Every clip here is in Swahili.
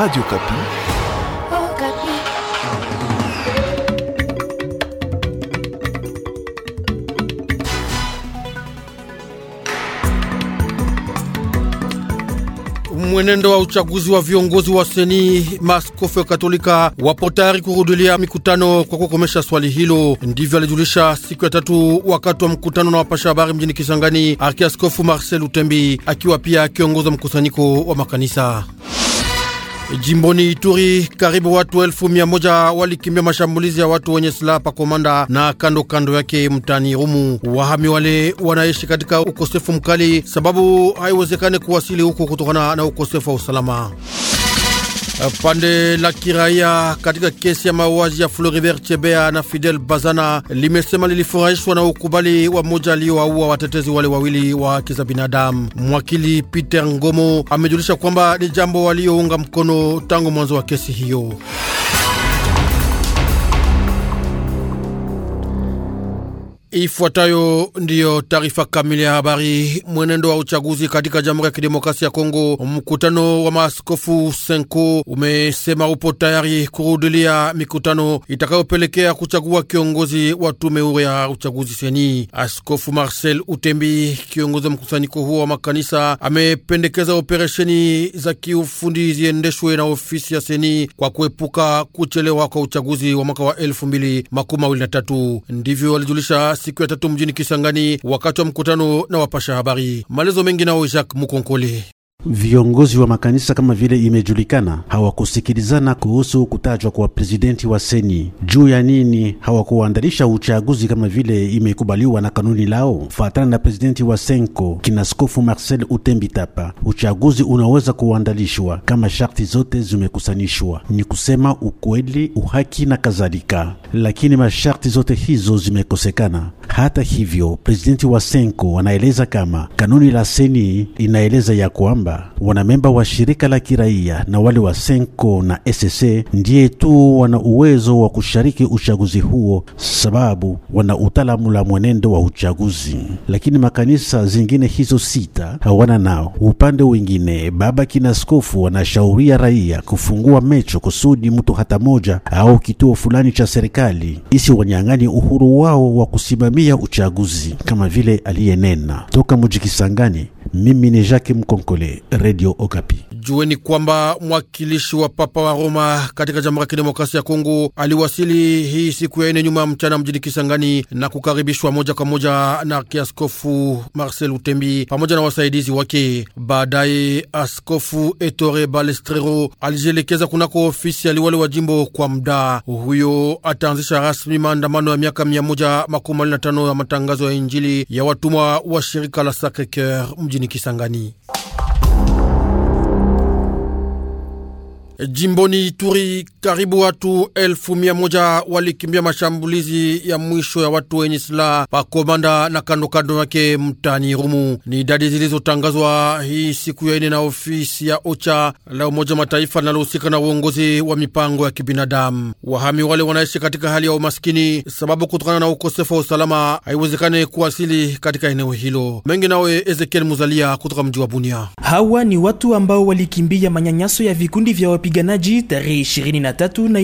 Radio Kapi. Oh, Kapi. Mwenendo wa uchaguzi wa viongozi wa seni maskofu ya Katolika wapo tayari kurudilia mikutano kwa kukomesha swali hilo. Ndivyo alijulisha siku ya tatu wakati wa mkutano na wapasha habari mjini Kisangani, Arkiaskofu Marcel Utembi akiwa pia akiongoza mkusanyiko wa makanisa. Jimboni Ituri, karibu watu elfu mia moja walikimbia mashambulizi ya watu wenye silaha pa Komanda na kando kando yake mtani Rumu. Wahami wale wanaishi katika ukosefu mkali, sababu haiwezekani kuwasili huko kutokana na ukosefu wa usalama. Eh, pande la kiraia katika kesi ya mauaji ya Floribert Chebea na Fidel Bazana limesema lilifurahishwa na ukubali wa mmoja aliyowaua watetezi wale wawili wa haki za binadamu. Mwakili Peter Ngomo amejulisha kwamba ni jambo waliounga mkono tangu mwanzo wa kesi hiyo. Ifuatayo ndiyo taarifa kamili ya habari. Mwenendo wa uchaguzi katika Jamhuri ya Kidemokrasia ya Kongo, mkutano wa maaskofu Senko umesema upo tayari kurudilia mikutano itakayopelekea kuchagua kiongozi wa tume huru ya uchaguzi seni. Askofu Marcel Utembi, kiongozi wa mkusanyiko huo wa makanisa, amependekeza operesheni za kiufundi ziendeshwe na ofisi ya seni kwa kuepuka kuchelewa kwa uchaguzi wa mwaka wa tatu. Ndivyo alijulisha siku ya tatu mjini Kisangani wakati wa mkutano na wapasha habari. Maelezo mengi nao Jacques Mukonkole. Viongozi wa makanisa kama vile imejulikana hawakusikilizana kuhusu kutajwa kwa presidenti wa seni. Juu ya nini hawakuandalisha uchaguzi kama vile imekubaliwa na kanuni lao? Fatana na presidenti wa senko kinaskofu Marcel Utembitapa, uchaguzi unaweza kuandalishwa kama sharti zote zimekusanishwa, ni kusema ukweli, uhaki na kadhalika, lakini masharti zote hizo zimekosekana. Hata hivyo, presidenti wa senko anaeleza kama kanuni la seni inaeleza ya kwamba Wanamemba wa shirika la kiraia na wale wa Senko na SSE ndiye tu wana uwezo wa kushiriki uchaguzi huo, sababu wana utaalamu la mwenendo wa uchaguzi, lakini makanisa zingine hizo sita hawana nao. Upande wengine, baba kina askofu wanashauria raia kufungua mecho kusudi mtu hata moja au kituo fulani cha serikali isi wanyang'ani uhuru wao wa kusimamia uchaguzi, kama vile aliyenena toka mujikisangani. Mimi ni Jacques Mkonkole. Kabale, Radio Okapi. Jueni kwamba mwakilishi wa Papa wa Roma katika Jamhuri ya Kidemokrasia ya Kongo aliwasili hii siku ya ine nyuma ya mchana mjini Kisangani na kukaribishwa moja kwa moja na kiaskofu Marcel Utembi pamoja na wasaidizi wake. Baadaye askofu Ettore Balestrero alijielekeza kunako ofisi aliwali wa jimbo kwa mda huyo. Ataanzisha rasmi maandamano ya miaka mia moja makumi mbili na tano ya matangazo ya Injili ya watumwa wa shirika la Sacre Coeur mjini Kisangani. Jimboni Ituri, karibu watu elfu mia moja walikimbia mashambulizi ya mwisho ya watu wenye silaha pa Komanda na kandokando yake mtani Rumu. Ni idadi zilizotangazwa hii siku ya ine na ofisi ya OCHA la Umoja Mataifa linalohusika na uongozi wa mipango ya kibinadamu. Wahami wale wanaishi katika hali ya umaskini, sababu kutokana na ukosefu wa usalama haiwezekani kuwasili katika eneo hilo. Mengi nawe Ezekiel Muzalia kutoka mji wa Bunia. Hawa ni watu ambao walikimbia manyanyaso ya vikundi vya wapiganaji tarehe 23 na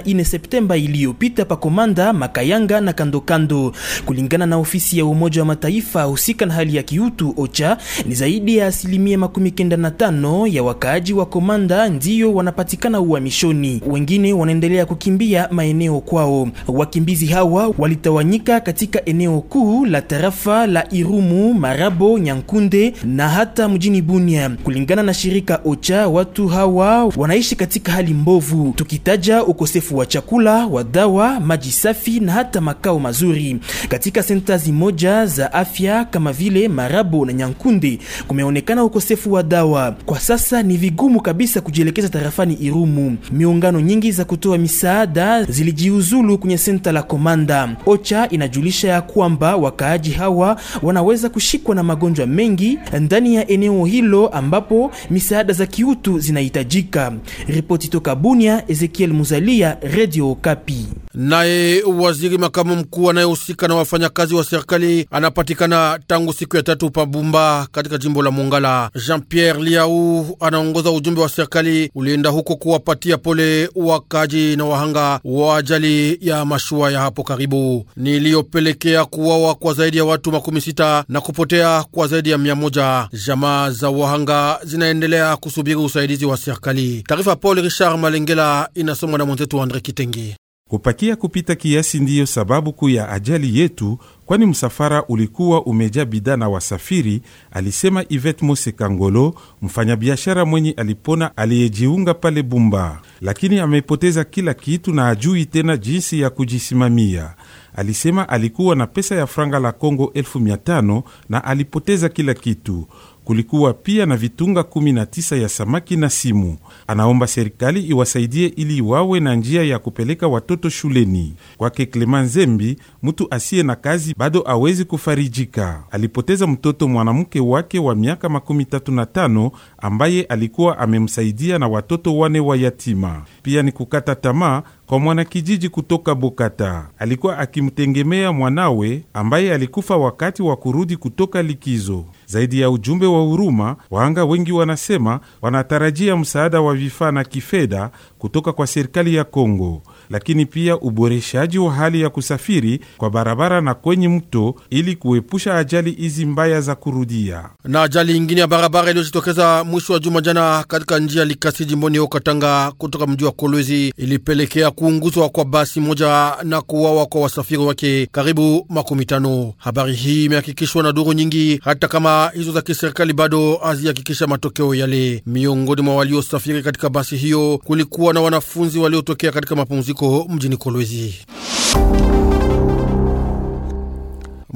24 Septemba iliyopita pa Komanda, Makayanga na kandokando. Kulingana na ofisi ya Umoja wa Mataifa husika na hali ya kiutu OCHA, ni zaidi ya asilimia makumi kenda na tano ya wakaaji wa Komanda ndiyo wanapatikana uhamishoni, wengine wanaendelea kukimbia maeneo kwao. Wakimbizi hawa walitawanyika katika eneo kuu la tarafa la Irumu, Marabo, Nyankunde na hata mjini Bunia. Kulingana na shirika OCHA, watu hawa wanaishi wanaishi katika hali mbovu, tukitaja ukosefu wa chakula, wa dawa, maji safi na hata makao mazuri. Katika senta zimoja za afya kama vile Marabo na Nyankunde kumeonekana ukosefu wa dawa. Kwa sasa ni vigumu kabisa kujielekeza tarafani Irumu. Miungano nyingi za kutoa misaada zilijiuzulu kwenye senta la Komanda. OCHA inajulisha ya kwamba wakaaji hawa wanaweza kushikwa na magonjwa mengi ndani ya eneo hilo ambapo misaada za kiutu zinahitajika. Ripoti toka Bunia, Ezekiel Muzalia, Radio Kapi. Naye waziri makamu mkuu anayehusika na wafanyakazi wa serikali anapatikana tangu siku ya tatu Pabumba katika jimbo la Mongala. Jean-Pierre Liau anaongoza ujumbe wa serikali ulienda huko kuwapatia pole wakaji na wahanga wa ajali ya mashua ya hapo karibu niliyopelekea kuwawa kwa zaidi ya watu makumi sita na kupotea kwa zaidi ya mia moja. Jamaa za wahanga zinaendelea kusubiri usaidizi wa serikali. Taarifa ya Paul Richard Malengela inasomwa na mwenzetu Andre Kitengi. Kupakia kupita kiasi ndiyo sababu kuu ya ajali yetu, kwani msafara ulikuwa umejaa bidhaa na wasafiri, alisema Ivet Mose Kangolo, mfanyabiashara mwenye alipona aliyejiunga pale Bumba, lakini amepoteza kila kitu na ajui tena jinsi ya kujisimamia. Alisema alikuwa na pesa ya franga la Kongo elfu mia tano na alipoteza kila kitu. Kulikuwa pia na vitunga 19 ya samaki na simu. Anaomba serikali iwasaidie ili wawe na njia ya kupeleka watoto shuleni. Kwake Clement Zembi, mtu asiye na kazi bado awezi kufarijika. Alipoteza mtoto mwanamke wake wa miaka 35 ambaye alikuwa amemsaidia na watoto wane wa yatima. Pia ni kukata tamaa kwa mwanakijiji kutoka Bokata. Alikuwa akimtengemea mwanawe ambaye alikufa wakati wa kurudi kutoka likizo. Zaidi ya ujumbe wa huruma, wahanga wengi wanasema wanatarajia msaada wa vifaa na kifedha kutoka kwa serikali ya Kongo lakini pia uboreshaji wa hali ya kusafiri kwa barabara na kwenye mto ili kuepusha ajali hizi mbaya za kurudia. Na ajali ingine ya barabara iliyojitokeza mwisho wa juma jana katika njia Likasi jimboni huko kutoka mji wa Kolwezi ilipelekea kuunguzwa kwa basi moja na kuwawa kwa wasafiri wake karibu makumi tano. Habari hii imehakikishwa na duru nyingi, hata kama hizo za kiserikali bado hazihakikisha matokeo yale. Miongoni mwa waliosafiri katika basi hiyo kulikuwa na wanafunzi waliotokea katika mapumziko mafuriko mjini Kolwezi.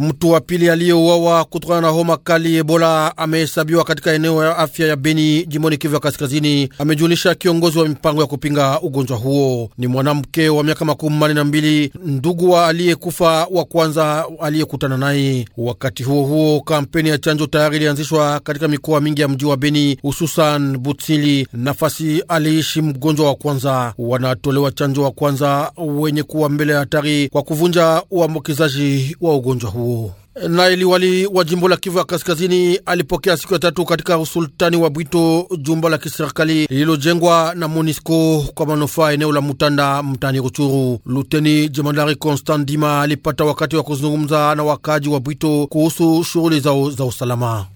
Mtu wa pili aliyeuawa kutokana na homa kali Ebola amehesabiwa katika eneo ya afya ya Beni, jimboni Kivu ya Kaskazini, amejulisha kiongozi wa mipango ya kupinga ugonjwa huo. Ni mwanamke wa miaka makumi manne na mbili, ndugu wa aliyekufa wa kwanza aliyekutana naye. Wakati huo huo, kampeni ya chanjo tayari ilianzishwa katika mikoa mingi ya mji wa Beni, hususan Butsili, nafasi aliishi mgonjwa wa kwanza. Wanatolewa chanjo wa kwanza wenye kuwa mbele ya hatari kwa kuvunja uambukizaji wa ugonjwa huo huo. Naye liwali wa jimbo la Kivu ya Kaskazini alipokea siku ya tatu katika usultani wa Bwito jumba la kiserikali lililojengwa na MONISCO kwa manufaa eneo la Mutanda mtani Ruchuru. Luteni jemandari Constant Dima alipata wakati wa kuzungumza na wakaaji wa Bwito kuhusu shughuli zao za usalama.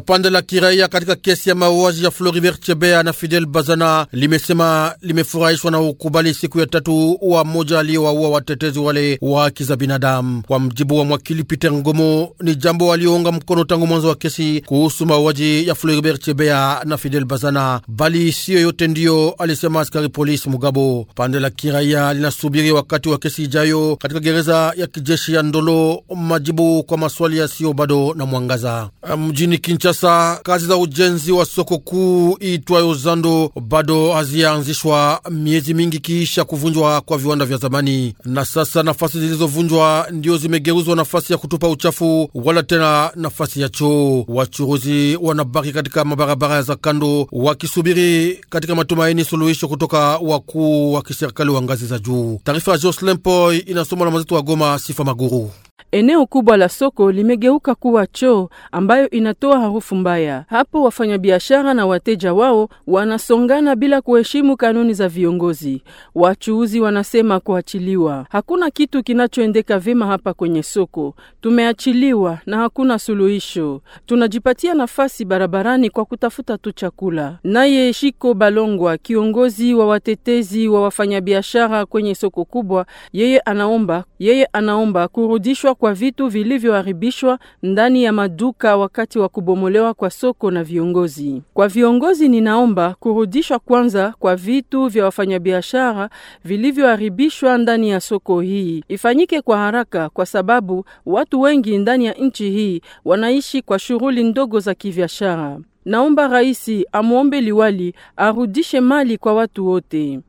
Pande la kiraia katika kesi ya mauaji ya Floribert Chebea na Fidel Bazana limesema limefurahishwa na ukubali siku ya tatu wa moja aliyewaua watetezi wale wa haki za binadamu. Kwa mjibu wa mwakili Peter Ngomo, ni jambo waliounga mkono tangu mwanzo wa kesi kuhusu mauaji ya Floribert Chebea na Fidel Bazana, bali siyo yote ndiyo, alisema askari polisi Mugabo. Pande la kiraia linasubiri wakati wa kesi ijayo katika gereza ya kijeshi ya Ndolo majibu kwa maswali yasiyo bado na mwangaza mjini Kinshasa, kazi za ujenzi wa soko kuu iitwayo Zando bado hazianzishwa miezi mingi kiisha kuvunjwa kwa viwanda vya zamani, na sasa nafasi zilizovunjwa ndiyo zimegeuzwa nafasi ya kutupa uchafu wala tena nafasi ya choo. Wachuruzi wanabaki katika mabarabara za kando wakisubiri katika matumaini suluhisho kutoka wakuu wa kiserikali wa ngazi za juu. Taarifa ya Jocelyn lempoy inasomwa na mwenzetu wa Goma, Sifa Maguru. Eneo kubwa la soko limegeuka kuwa choo ambayo inatoa harufu mbaya. Hapo wafanyabiashara na wateja wao wanasongana bila kuheshimu kanuni za viongozi. Wachuuzi wanasema kuachiliwa. Hakuna kitu kinachoendeka vema hapa kwenye soko. Tumeachiliwa na hakuna suluhisho. Tunajipatia nafasi barabarani kwa kutafuta tu chakula. Naye Shiko Balongwa, kiongozi wa watetezi wa wafanyabiashara kwenye soko kubwa, yeye anaomba, yeye anaomba kurudishwa kuchukuliwa kwa vitu vilivyoharibishwa ndani ya maduka wakati wa kubomolewa kwa soko na viongozi. Kwa viongozi, ninaomba kurudishwa kwanza kwa vitu vya wafanyabiashara vilivyoharibishwa ndani ya soko hii. Ifanyike kwa haraka, kwa sababu watu wengi ndani ya nchi hii wanaishi kwa shughuli ndogo za kibiashara. Naomba raisi amwombe liwali arudishe mali kwa watu wote.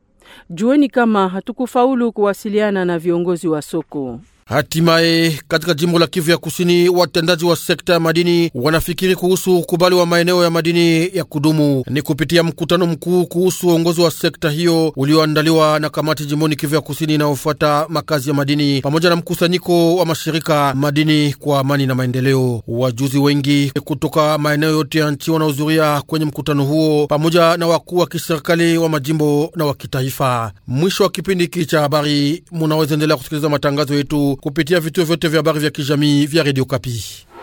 Jueni kama hatukufaulu kuwasiliana na viongozi wa soko. Hatimaye katika jimbo la Kivu ya Kusini, watendaji wa sekta ya madini wanafikiri kuhusu ukubali wa maeneo ya madini ya kudumu. Ni kupitia mkutano mkuu kuhusu uongozi wa sekta hiyo ulioandaliwa na kamati jimboni Kivu ya Kusini inayofuata makazi ya madini pamoja na mkusanyiko wa mashirika madini kwa amani na maendeleo. Wajuzi wengi kutoka maeneo yote ya nchi wanaohudhuria kwenye mkutano huo pamoja na wakuu wa kiserikali wa majimbo na wa kitaifa. Mwisho wa kipindi hiki cha habari, munaweza endelea kusikiliza matangazo yetu kupitia à vyote vya habari vya Kijami, via Radio Kapi.